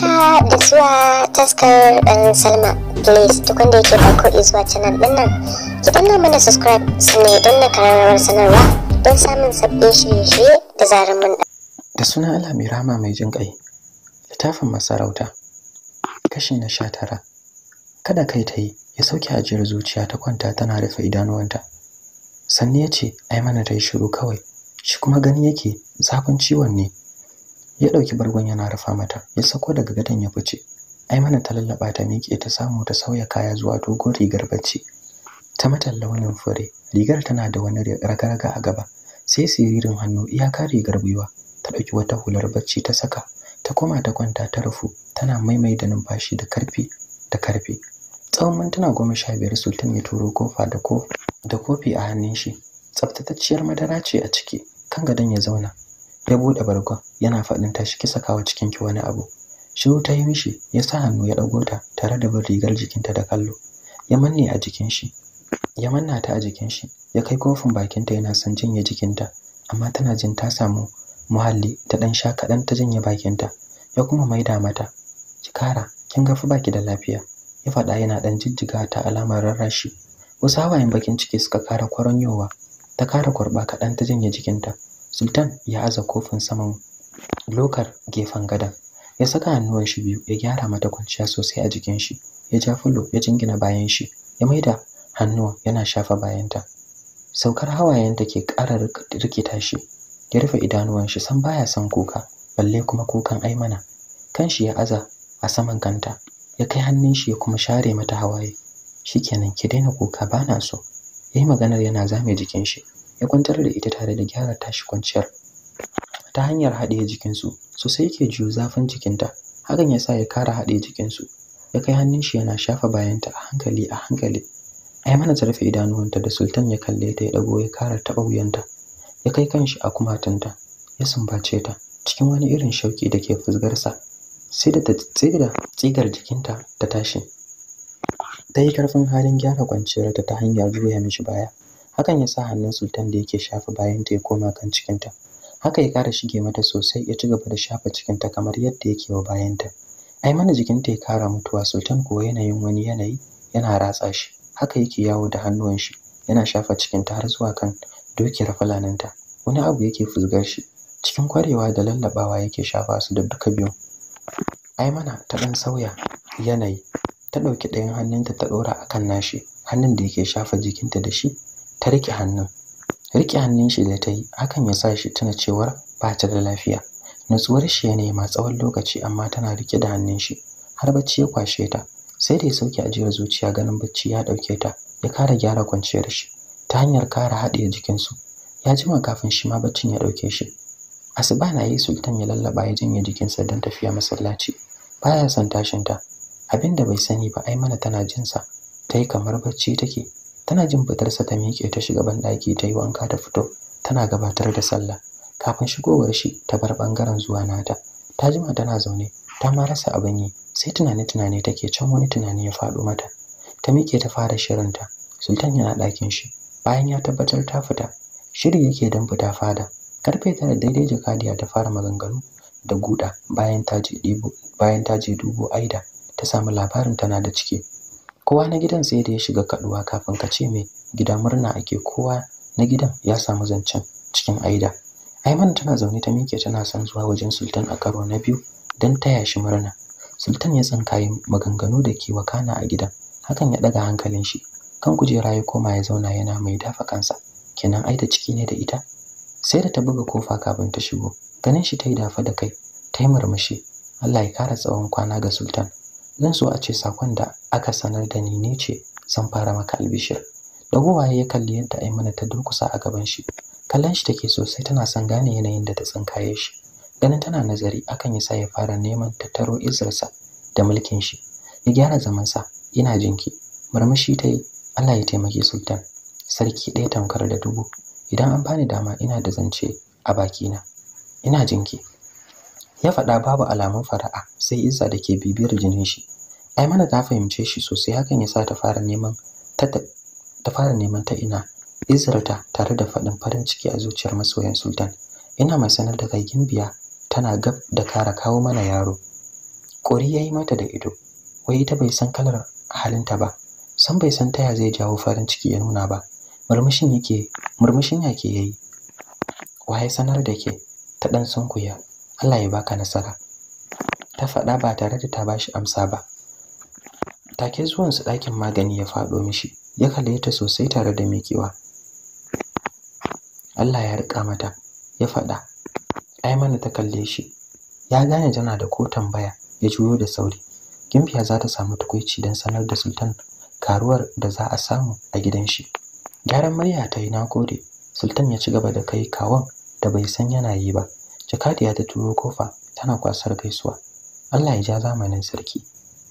haka ah, da zuwa taskar ɗan um, salma please duk wanda yake farko izuwa canal ɗin nan ki danna mana subscribe sannan don na kararrawar sanarwa don samun sabbin shirye-shirye da zarar mun da sunan allah mai rama mai jin ƙai littafin masarauta kashi na sha tara kada kai ta yi ya sauke ajiyar zuciya ta kwanta tana rufe idanuwanta sannan ya ce ai mana ta yi shiru kawai shi kuma gani yake zafin ciwon ne ya dauki bargon yana rufa mata ya sako daga gadon ya fice ai mana ta lallaba ta miƙe ta samu ta sauya kaya zuwa dogon rigar bacci ta mata launin fure rigar tana da wani raga-raga a gaba sai siririn hannu iyaka rigar gwiwa ta dauki wata hular bacci ta saka ta koma ta kwanta ta rufu tana maimai da numfashi da karfi da karfi tsawon mintuna goma sha biyar sultan ya turo kofa da da kofi a hannun shi tsaftatacciyar madara ce a ciki kan gadon ya zauna ya bude barkon, yana faɗin tashi kisa sakawa cikin ki wani abu shiru ta yi mishi ya sa hannu ya ɗago ta tare da bin rigar jikinta da kallo ya manne a jikin shi ya manna ta a jikin shi ya kai kofin bakinta yana son jinya jikinta amma tana jin ta samu muhalli ta ɗan sha kaɗan ta janye bakinta ya kuma maida mata kikara kin ga fa baki da lafiya ya faɗa yana ɗan jijjiga ta alamar rarrashi wasu hawayen bakin ciki suka kara kwaranyowa ta kara kwarɓa kaɗan ta jinya jikinta sultan ya aza kofin saman lokar gefen gadon ya saka hannuwan shi biyu ya gyara mata kwanciya sosai a jikin shi ya ja fulo ya jingina bayan shi ya maida hannuwa yana shafa bayanta saukar hawayen hawayenta ke ƙara rikita shi ya rufe idanuwan shi san baya son kuka balle kuma kukan aimana kanshi ya aza a saman kanta ya kai hannun shi ya kuma share mata hawaye shikenan ki daina kuka bana so yayi maganar yana zame jikin shi ya kwantar da ita tare da gyara tashi kwanciyar ta hanyar haɗe jikinsu sosai yake jiyo zafin jikinta hakan ya sa ya kara haɗe jikinsu ya kai hannun shi yana shafa bayanta a hankali a hankali ai mana ta rufe idanuwanta da sultan ya kalle ta ya dago ya kara taɓa wuyanta ya kai kanshi a kumatunta ya sumbace ta cikin wani irin shauki da ke fusgarsa sai da tsigar jikinta ta tashi ta yi ƙarfin halin gyara kwanciyarta ta hanyar juya mishi baya hakan ya sa hannun sultan da yake shafa bayanta ya koma kan cikinta haka ya ƙara shige mata sosai ya ci gaba da shafa cikinta kamar yadda yake wa bayanta ai mana jikinta ya kara mutuwa sultan kuwa yanayin wani yanayi yana ratsa shi haka yake yawo da hannuwan shi yana shafa cikinta har zuwa kan dukiyar fulaninta wani abu yake fusgar shi cikin kwarewa da lallabawa yake shafa su da duka biyu ai mana ta ɗan sauya yanayi ta ɗauki ɗayan hannunta ta ɗora akan nashi hannun da yake shafa jikinta da shi ta riƙe hannun riƙe hannun shi da ta yi hakan ya sa shi tuna cewar ba ta da lafiya Natsuwar shi ya nema tsawon lokaci amma tana riƙe da hannun shi har bacci ya kwashe ta sai da ya sauke ajiyar zuciya ganin bacci ya ɗauke ta ya kara gyara kwanciyar shi ta hanyar kara haɗe jikinsu ya jima kafin shi ma baccin ya ɗauke shi asuba na yi sultan ya lallaba ya janye jikinsa don tafiya masallaci baya son tashin ta abin bai sani ba ai mana tana jinsa ta yi kamar bacci take tana jin fitarsa ta miƙe ta shiga banɗaki ta yi wanka ta fito tana gabatar da sallah kafin shigowar shi ta bar ɓangaren zuwa nata ta jima tana zaune ta ma rasa abin yi sai tunani-tunani take can wani tunani ya faɗo mata ta miƙe ta fara shirinta sultan yana ɗakin shi bayan ya tabbatar ta fita shiri yake don fita fada karfe tara daidai jakadiya ta fara maganganu da guda bayan ta je dubo aida ta samu labarin tana da ciki kowa na gidan sai da ya shiga kaduwa kafin ka ce mai gida murna ake kowa na gidan ya samu zancen cikin aida aiman tana zaune ta miƙe tana son zuwa wajen sultan a karo na biyu don taya shi murna sultan ya yi maganganu da ke wakana a gidan hakan ya ɗaga hankalin shi kan kujera ya koma ya zauna yana mai dafa kansa kenan aida ciki ne da ita sai da ta buga kofa kafin ta shigo ganin shi ta yi dafa da kai ta yi murmushi Allah ya kara tsawon kwana ga sultan zan so a ce sakon da aka sanar da ni ne ce zan fara maka albishir dagowa ya kalli yadda mana ta durkusa a gaban shi kallon shi take sosai tana son gane yanayin da ta tsinkaye shi ganin tana nazari akan yasa ya fara neman tattaro izarsa da mulkin shi ya gyara zamansa ina jinki murmushi ta yi Allah ya taimake sultan sarki ɗaya tamkar da dubu idan an bani dama ina da zance a bakina ina jinki ya faɗa babu alamun fara'a sai izza da ke bibiyar jinin shi Ai, mana ta fahimce shi sosai hakan ya sa ta fara neman ta ina izarta tare da faɗin farin ciki a zuciyar masoyan sultan ina mai sanar da kai gimbiya tana gab da kara kawo mana yaro Kori ya yi mata da ido wai ita bai san kalar halinta ba san bai san taya zai jawo farin ciki ya nuna ba murmushin yake murmushin yake yayi waye sanar da ke ta dan sunkuya Allah ya baka nasara ta faɗa ba tare da ta bashi amsa ba take zuwan su ɗakin magani ya faɗo mishi ya kalle ta sosai tare da miƙewa Allah ya rika mata ya faɗa ai mana ta kalle shi ya gane tana da ko tambaya ya juyo da sauri gimfiya za ta samu tukuici dan sanar da sultan karuwar da za a samu a gidan shi gyaran murya ta yi gode, sultan ya ci gaba da kai kawon da bai san yana yi ba jakadiya ta turo kofa tana kwasar gaisuwa Allah ya ja zamanin sarki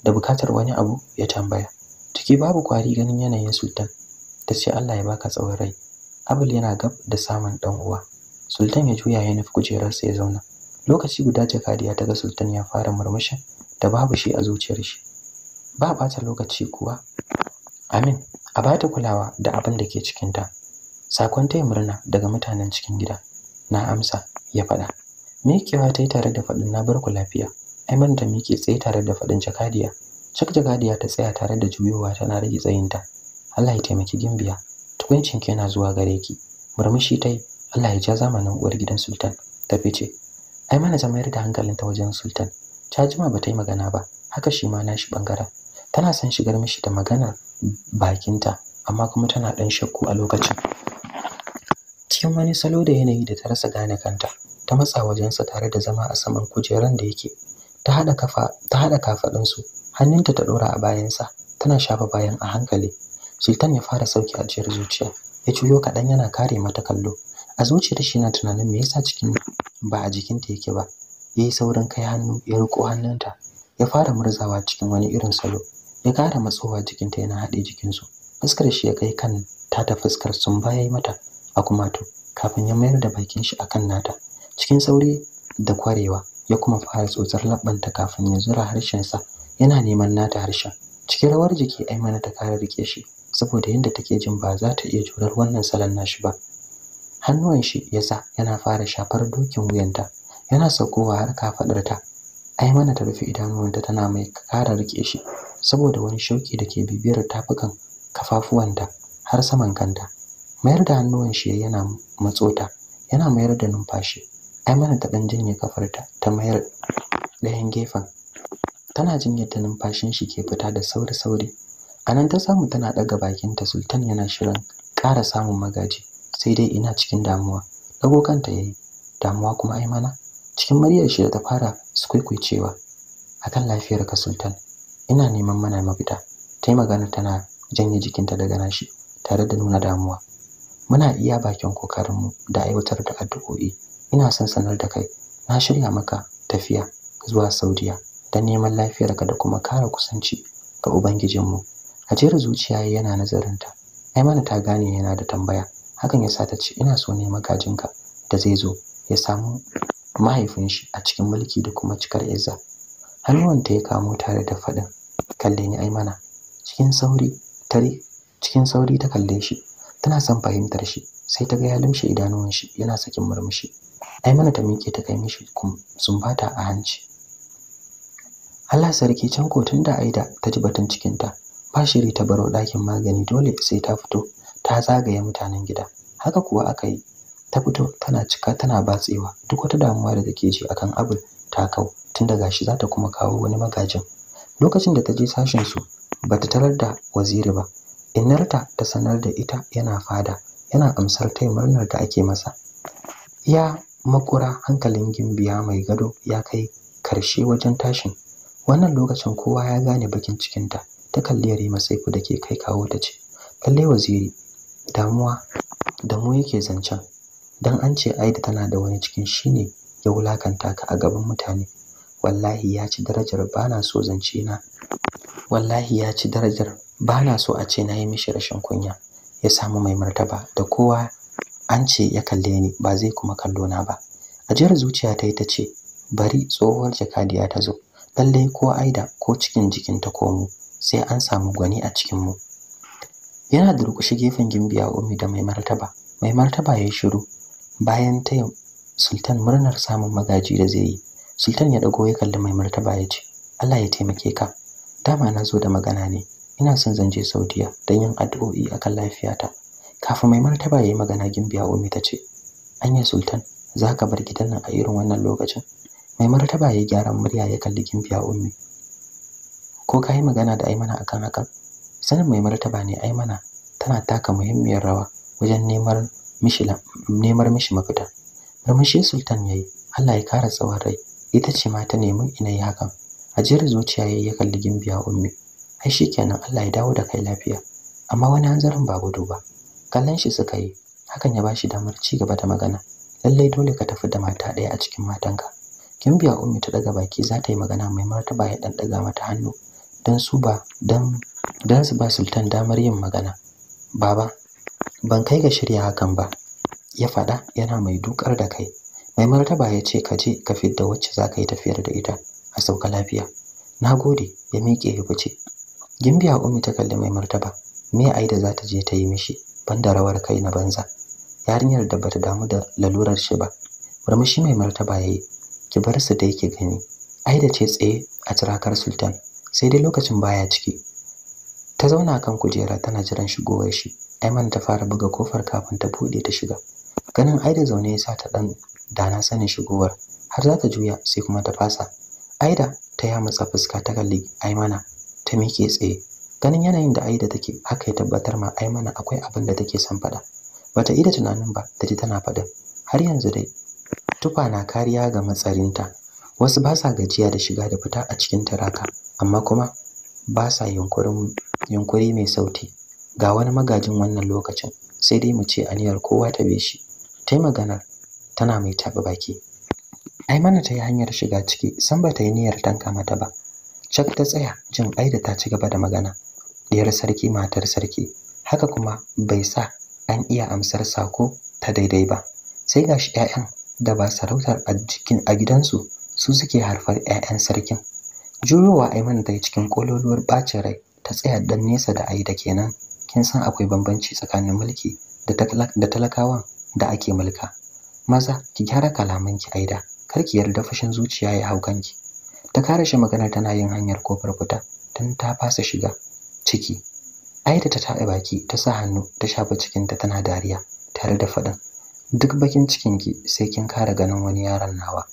da bukatar wani abu ya tambaya ciki babu kwari ganin yanayin sultan ta ce Allah ya baka tsawon rai abul yana gab da samun ɗan uwa sultan ya juya ya nufi kujerarsa ya zauna lokaci guda jakadiya ta ga sultan ya fara murmushi da babu shi a zuciyar shi ba bata lokaci kuwa amin a bata kulawa da abin da ke cikinta sakon yi murna daga mutanen cikin gida na amsa ya faɗa Mikewa ta yi tare da faɗin na barku lafiya Aiman ta miƙe tsaye tare da faɗin jakadiya. Cak jakadiya ta tsaya tare da juyowa tana rage tsayinta. Allah ya taimaki gimbiya. Tukuncin ki yana zuwa gare ki. Murmushi ta yi. Allah ya ja zamanin uwar gidan Sultan. Ta fice. Aimana ta mayar da hankalinta wajen Sultan. Ta jima ba ta yi magana ba. Haka shi ma nashi bangara. Tana son shigar mishi da maganar bakinta amma kuma tana ɗan shakku a lokacin. Cikin wani salo da yanayi da ta rasa gane kanta, ta matsa wajensa tare da zama a saman kujeran da yake ta haɗa kafa ta kafaɗinsu hannunta ta ɗora a bayansa tana shafa bayan a hankali sultan ya fara sauki a jiyar zuciya ya ciyo kaɗan yana kare mata kallo a zuciyar shi na tunanin me yasa cikin ba a jikinta yake ba ya yi saurin kai hannu ya riko hannunta ya fara murzawa cikin wani irin salo ya kara matsowa jikinta yana haɗe jikinsu fuskar shi ya kai kan ta ta fuskar sun baya mata a to kafin ya mayar da bakin shi akan nata cikin sauri da kwarewa ya kuma fara tsotsar labanta kafin ya zura harshensa yana neman nata harshen cikin rawar jiki ai mana ta kara rike shi saboda yadda take jin ba za ta iya jurar wannan salon nashi ba hannuwan shi yasa yana fara shafar dokin wuyanta yana saukowa har Ai aimana ta rufe idanuwanta tana mai kara rike shi saboda wani shauki da ke bibiyar tafukan kafafuwanta har saman kanta mayar da hannuwan shi yana matsota yana mayar da numfashi mana ta ɗan janye kafarta ta mayar ɗayan gefen. Tana jin yadda numfashin shi ke fita da sauri-sauri. A nan ta samu tana ɗaga bakin ta Sultan yana shirin ƙara samun magaji sai dai ina cikin damuwa. Ɗago kanta yayi. Damuwa kuma ai mana. Cikin muryar shi da ta fara cewa Akan ka Sultan. Ina neman mana mafita. Ta yi magana tana janye jikinta daga nashi tare da nuna damuwa. Muna iya bakin kokarinmu da aiwatar da addu'o'i ina son sanar da kai na shirya maka tafiya zuwa Saudiya don neman lafiyarka da kuma kara kusanci ga ubangijinmu ajiyar zuciya yana nazarinta Aimana ta gane yana da tambaya hakan ya sa ta ce ina so ne magajinka da zai zo ya samu mahaifin shi a cikin mulki da kuma cikar izza hannuwanta ya kamo tare da faɗin kalle ni Aimana cikin sauri tare cikin sauri ta kalle shi tana son fahimtar shi sai ta ga ya lumshe idanuwan shi yana sakin murmushi Ai mana ta miƙe ta kai mishi bata a hanci. Allah sarki can ko tun da Aida ta ji batun cikin ta ba shiri ta baro ɗakin magani dole sai ta fito ta zagaye mutanen gida. Haka kuwa aka yi ta fito tana cika tana batsewa duk wata damuwa da take ji akan Abul ta kau tun daga shi za ta kuma kawo wani magajin. Lokacin da ta je sashen su bata tarar da waziri ba. Innarta ta sanar da ita yana fada yana amsar tai murnar da ake masa. Ya? makura hankalin gimbiya mai gado ya kai karshe wajen tashin wannan lokacin kowa ya gane bakin cikinta ta kalli yarima saifu da ke kai kawo ta ce lallai waziri damuwa da mu yake zancen don an ce aida tana da wani cikin shine ya wulakanta ka a gaban mutane wallahi ya ci darajar bana so zance na wallahi ya ci darajar bana so a ce na yi mishi rashin kunya ya samu mai martaba da kowa an ce ya kalle ni ba zai kuma kallo na ba ajiyar zuciya ta yi ta ce bari tsohuwar jakadiya ta zo lallai ko aida ko cikin jikin ta komo sai an samu gwani a cikin mu yana durƙushe gefen gimbiya umi da mai martaba mai martaba ya yi shiru bayan ta sultan murnar samun magaji da zai yi sultan ya dago ya kalli mai martaba ya ce Allah ya taimake ka dama na zo da magana ne ina son zan je Saudiya don yin addu'o'i akan lafiyata kafin mai martaba yayi magana gimbiya ummi ta ce anya sultan zaka bar gidan nan a irin wannan lokacin mai martaba ya gyaran murya ya kalli gimbiya ummi ko ka yi magana da aimana akan haka sanin mai martaba ne aimana tana taka muhimmiyar rawa wajen neman mishi nemar mishi mafita murmushi sultan yayi Allah ya kara tsawon rai ita ce ma ta nemi ina yi hakan ajiyar zuciya yayi ya kalli gimbiya ummi ai shikenan Allah ya dawo da kai lafiya amma wani hanzarin ba gudu ba kallon shi suka yi hakan ya bashi damar ci gaba da magana lallai dole ka tafi da mata ɗaya a cikin matan matanka kimbiya ummi ta daga baki za ta yi magana mai martaba ya dan daga mata hannu dan su ba dan dan su ba sultan damar yin magana baba ban kai ga shirya hakan ba ya faɗa yana mai dukar da kai mai martaba ya ce ka je ka fidda wacce za ka yi tafiyar da ita a sauka lafiya na gode ya miƙe ya fice gimbiya ummi ta kalli mai martaba me ai da za ta je ta yi mishi banda rawar kai na banza yarinyar da bata damu da lalurar shi ba murmushi mai martaba yayi ki bar su dai ki gani ai da ce tsaye a tsirakar sultan sai dai lokacin baya ciki ta zauna kan kujera tana jiran shigowar shi Aiman ta fara buga kofar kafin ta bude ta shiga ganin Aida zaune yasa ta dan dana sanin shigowar har za ta juya sai kuma ta fasa Aida ta ya matsa fuska ta kalli Aimana ta miƙe tsaye ganin yanayin da aida take haka ya tabbatar ma aimana akwai abin da take son faɗa bata ida tunanin ba ta ji tana faɗin har yanzu dai tufa na kariya ga matsarinta wasu ba sa gajiya da shiga da fita a cikin taraka amma kuma ba sa yunkuri mai sauti ga wani magajin wannan lokacin sai dai mu ce aniyar kowa ta be shi ta yi maganar tana mai taɓa baki Aimana ta yi hanyar shiga ciki san ba ta yi niyyar tanka mata ba cak ta tsaya jin aida ta ci gaba da magana ɗiyar sarki matar sarki haka kuma bai sa an iya amsar sako ta daidai ba sai gashi 'ya'yan da ba sarautar a jikin a gidansu su suke harfar 'ya'yan sarkin juyowa aiman da cikin kololuwar bacin rai ta tsaya ɗan nesa da da kenan kin san akwai bambanci tsakanin mulki da talakawan da ake mulka maza ki gyara kalaman kalamanki aida kar ki yarda fashin zuciya ya hau kanki ta kare shi magana tana yin hanyar kofar fita tun ta fasa shiga ciki aida ta taɓa baki ta sa hannu ta shafa cikinta tana dariya tare da faɗin duk bakin cikinki sai kin kara ganin wani yaron nawa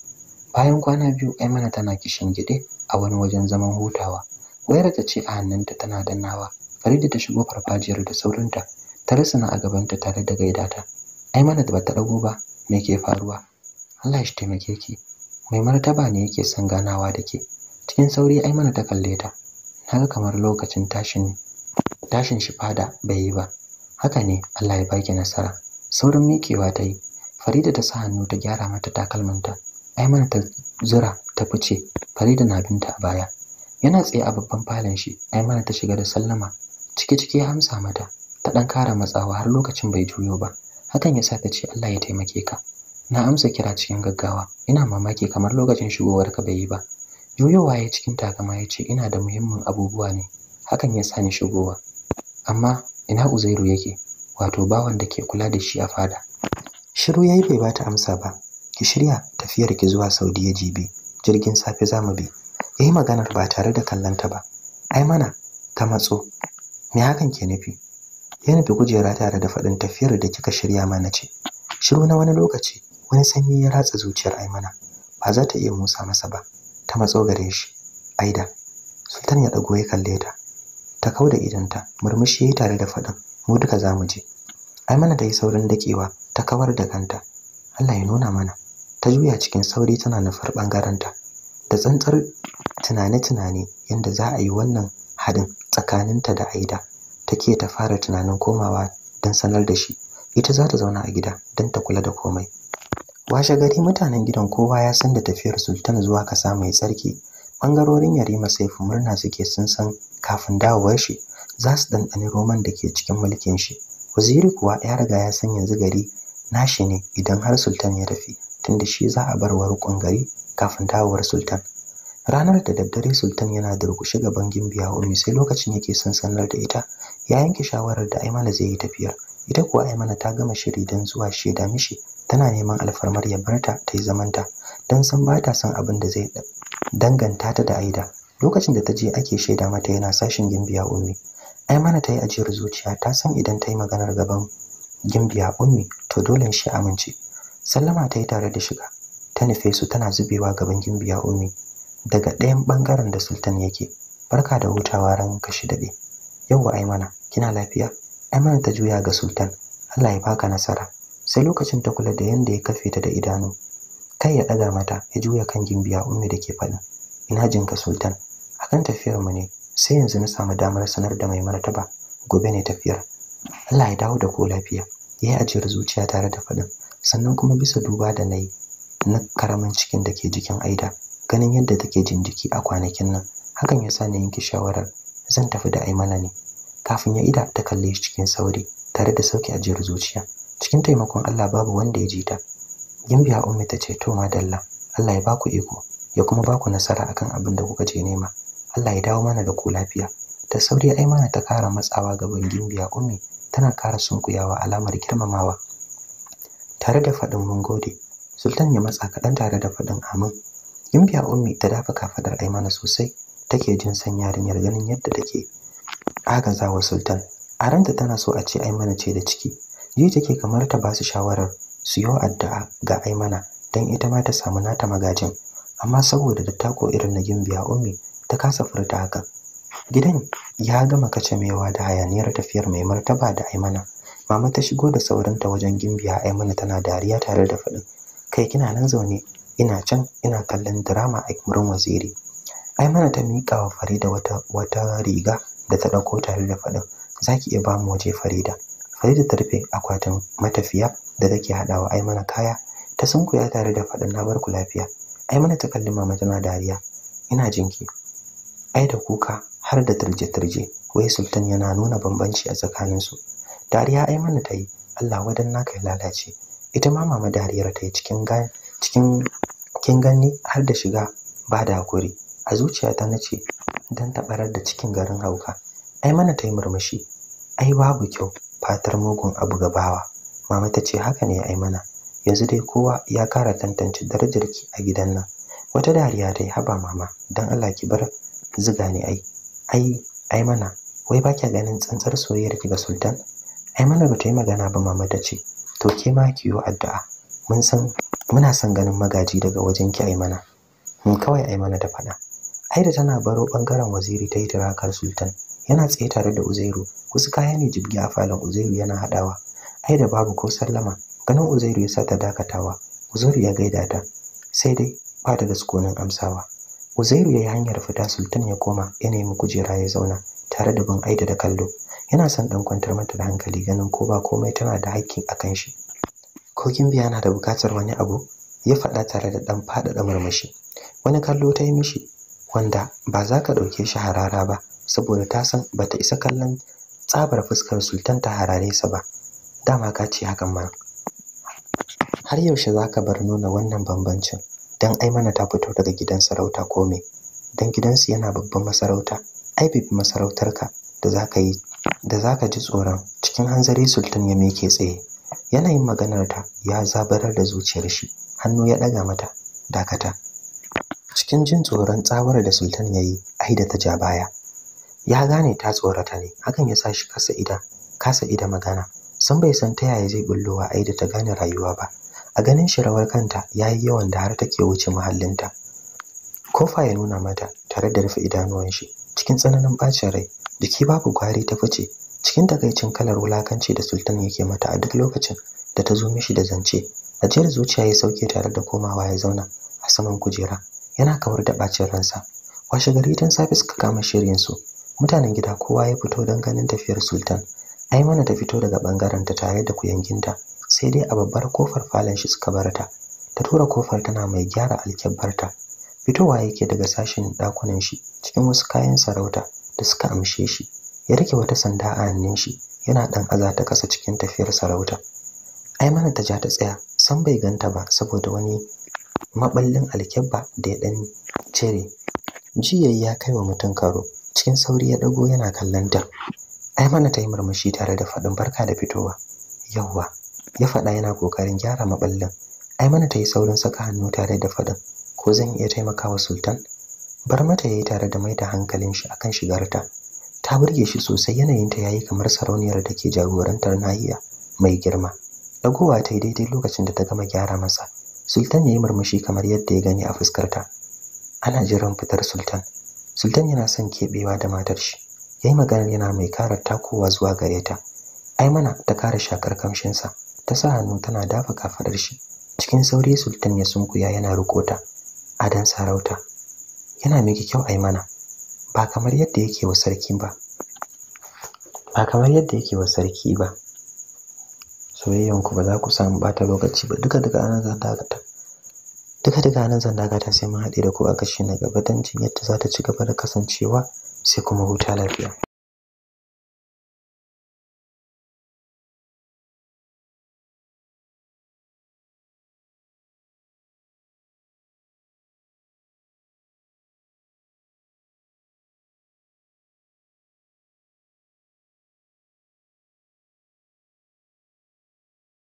bayan kwana biyu aimana tana kishin gide a wani wajen zaman hutawa wayar ta ce a hannunta tana dannawa farida ta shigo farfajiyar da saurinta ta na a gabanta tare da gaidata aimana ba ta dago ba me ke faruwa Allah shi taimake ki mai martaba ne yake son ganawa da ke cikin sauri aimana ta kalle ta na kamar lokacin tashin tashin shi fada bai yi ba haka ne Allah ya baki nasara saurin mikewa ta yi Farida ta sa hannu ta gyara mata takalmanta ai mana ta zura ta fice Farida na binta a baya yana tsaye a babban falon shi ai mana ta shiga da sallama ciki ciki ya amsa mata ta dan kara matsawa har lokacin bai juyo ba hakan yasa ta ce Allah ya taimake ka na amsa kira cikin gaggawa ina mamaki kamar lokacin shigowarka bai yi ba yoyowa ya cikin takama ya ce ina da muhimmin abubuwa ne hakan ya sa ni shigowa amma ina uzairu yake wato bawan da ke kula da shi a fada shiru ya yi bai bata amsa ba ki shirya tafiyar ki zuwa saudiya jibi jirgin safe za mu bi Ya yi maganar ba tare da kallanta ba ai mana ta matso me hakan ke nufi ya nufi kujera tare da faɗin tafiyar da kika shirya mana ce shiru na wani lokaci wani sanyi ya ratsa zuciyar aimana ba za ta iya musa masa ba matso gare shi aida sultan ya dago ya kalle ta ta kau da idanta murmushi yayi tare da faɗin mu duka zamu je ai mana dai saurin dakewa ta kawar da kanta Allah ya nuna mana ta juya cikin sauri tana nufar bangaranta da tsantsar tunane-tunane yadda za a yi wannan hadin tsakaninta da aida take ta fara tunanin komawa don sanar da shi ita za ta zauna a gida don ta kula da komai washe gari mutanen gidan kowa ya san da tafiyar sultan zuwa kasa mai tsarki bangarorin yarima saifu murna suke sun san kafin dawowar shi za su danɗani roman da ke cikin mulkin shi waziri kuwa ya riga ya san yanzu gari nashi ne idan har sultan ya tafi tunda shi za a bar warkon gari kafin dawowar sultan ranar da daddare sultan yana durkushe gaban gimbiya omi sai lokacin yake son sanar da ita ya yanke shawarar da aimana zai yi tafiyar ita kuwa Aimana ta gama shiri don zuwa shaida mishi tana neman alfarmar ya barta ta yi zamanta don san ba ta son abin da zai danganta ta da Aida lokacin da ta je ake shaida mata yana sashin Gimbiya Ummi Aimana ta yi ajiyar zuciya ta san idan ta yi maganar gaban Gimbiya Ummi to dole shi amince Sallama ta yi tare da shiga ta nufe su tana zubewa gaban Gimbiya Ummi daga ɗayan bangaren da Sultan yake barka da hutawa ran kashi daɗe yauwa Aimana kina lafiya Amina ta juya ga Sultan Allah ya baka nasara sai lokacin ta kula da yanda ya kafe ta da idanu kai ya ɗaga mata ya juya kan gimbiya ummi da ke faɗin ina jin ka Sultan akan tafiyar mu ne sai yanzu na samu damar sanar da mai martaba gobe ne tafiyar Allah ya dawo da ku lafiya ya yi ajiyar zuciya tare da faɗin sannan kuma bisa duba da na yi na karamin cikin da ke jikin Aida ganin yadda take jin jiki a kwanakin nan hakan ya sa na yanke shawarar zan tafi da Aimana ne kafin ya ida ta kalle shi cikin sauri tare da sauki ajiyar zuciya cikin taimakon Allah babu wanda ya ji ta gimbiya ummi ta ce to madalla Allah ya baku iko ya kuma baku nasara akan abin da kuka je nema Allah ya dawo mana da ku lafiya ta sauri ai mana ta kara matsawa gaban gimbiya ummi tana kara sunkuyawa alamar girmamawa tare da faɗin mun gode sultan ya matsa kaɗan tare da faɗin amin gimbiya ummi ta dafa kafadar aimana sosai take jin san yarinyar ganin yadda take agazawa sultan a ranta tana so a ce aimana ce da ciki yi take kamar ta ba su shawarar su yi addu'a ga aimana don ita ma ta samu nata magajin amma saboda da tako irin na gimbiya ummi ta kasa furta haka gidan ya gama kacamewa da hayaniyar tafiyar mai martaba da aimana mama ta shigo da saurinta wajen gimbiya aimana tana dariya tare da faɗin kai kina nan zaune ina can ina kallon drama a wurin waziri aimana ta miƙa wa farida wata wata riga da ta ɗauko tare da faɗin za ki iya ba mu waje farida farida ta rufe akwatin matafiya da take haɗawa ai mana kaya ta sunkuya tare da faɗin na barku lafiya ai mana ta kalli mama tana dariya ina jinki ai da kuka har da turje-turje wai sultan yana nuna bambanci a tsakanin su dariya ai mana ta yi allah wadan naka ya lalace ita ma mama dariyar ta yi cikin cikin kin ganni har da shiga ba da hakuri a zuciyata na ce don ta barar da cikin garin hauka ai mana ta yi murmushi ai babu kyau fatar mugun abu gabawa mama ta ce haka ne ai mana yanzu dai kowa ya kara tantance ki a gidan nan wata dariya ta yi haba mama don allah ki bar ziga ne ai ai ai mana wai ba kya ganin tsantsar soyayyarki ga sultan ai mana ba ta yi magana ba mama ta ce to ke ma ki addu'a mun san muna son ganin magaji daga wajen ki ai mana mun hmm, kawai ai mana da faɗa Aida tana baro bangaren Waziri ta yi turakar Sultan. Yana tsaye tare da Uzairu. Wasu kaya ne jibgi a falon Uzairu yana hadawa. Aida babu ko sallama. Ganin Uzairu ya sa ta dakatawa. Uzairu ya gaida ta. Sai dai ba ta da sukunin amsawa. Uzairu ya yi hanyar fita Sultan ya koma ya nemi kujera ya zauna tare da bin Aida da kallo. Yana son dan kwantar mata da hankali ganin ko ba komai tana da hakki akan shi. Ko biya na da bukatar wani abu? Ya faɗa tare da ɗan faɗaɗa murmushi. Wani kallo ta yi mishi wanda ba za ka ɗauke shi harara ba saboda ta san ba ta isa kallon tsabar fuskar sultan ta harare sa ba dama ka ce hakan ma har yaushe za ka bar nuna wannan bambancin don ai mana ta fito daga gidan sarauta ko me don gidansu yana babban masarauta ai bibi masarautarka da za ka yi da za ka ji tsoron cikin hanzari sultan ya meke tsaye yanayin maganar ta ya zabarar da zuciyar shi hannu ya ɗaga mata dakata cikin jin tsoron tsawar da sultan ya yi aida ta ja baya ya gane ta tsorata ne hakan ya sa shi kasa ida kasa ida magana san bai san ta yaya zai bullowa aida ta gane rayuwa ba a ganin shi rawar kanta ya yi yawan da har take wuce muhallinta kofa ya nuna mata tare da rufe idanuwan shi cikin tsananin bacin rai jiki babu gwari ta fice cikin takaicin kalar wulakanci da sultan yake mata a duk lokacin da ta zo mishi da zance ajiyar zuciya ya sauke tare da komawa ya zauna a saman kujera yana kawar da bacin ransa washe gari tun safe suka kama shirin su mutanen gida kowa ya fito don ganin tafiyar sultan aimana ta fito daga bangaren ta tare da kuyanginta sai dai a babbar kofar falon shi suka barata ta tura kofar tana mai gyara alkyabbarta fitowa yake daga sashin dakunan shi cikin wasu kayan sarauta da suka amshe shi ya rike wata sanda a hannun shi yana dan aza ta kasa cikin tafiyar sarauta aimana ta ja ta tsaya san bai ganta ba saboda wani maɓallin alkyabba da ya ɗan cire jiya ya kai wa mutum karo cikin sauri ya ɗago yana kallon ta ai mana ta yi murmushi tare da faɗin barka da fitowa yawwa ya faɗa yana ƙoƙarin gyara maɓallin ai mana ta yi saurin saka hannu tare da faɗin ko zan iya taimakawa sultan bar mata yayi tare da maida hankalin shi akan shigarta ta burge shi sosai yanayinta yayi kamar sarauniyar da ke jagorantar nahiya mai girma dagowa ta yi daidai lokacin da ta gama gyara masa Sultan ya yi murmushi kamar yadda ya gani a fuskarta. Ana jiran fitar Sultan. Sultan yana son keɓewa da matar shi. Ya yi maganar yana mai kara takowa zuwa gare ta. Aimana ta kara shakar kamshinsa. Ta sa hannu tana dafa kafadar shi. Cikin sauri Sultan ya sunkuya yana riko Adan sarauta. Yana miki kyau Aimana. Ba kamar yadda yake wa sarki ba. Ba kamar yadda yake wa sarki ba. ku ba za ku samu bata lokaci ba duka duka anan zan dakata duka duka anan zan dakata sai mun haɗe da ku a kashi na gaba don jin yadda za ta ci gaba da kasancewa sai kuma huta lafiya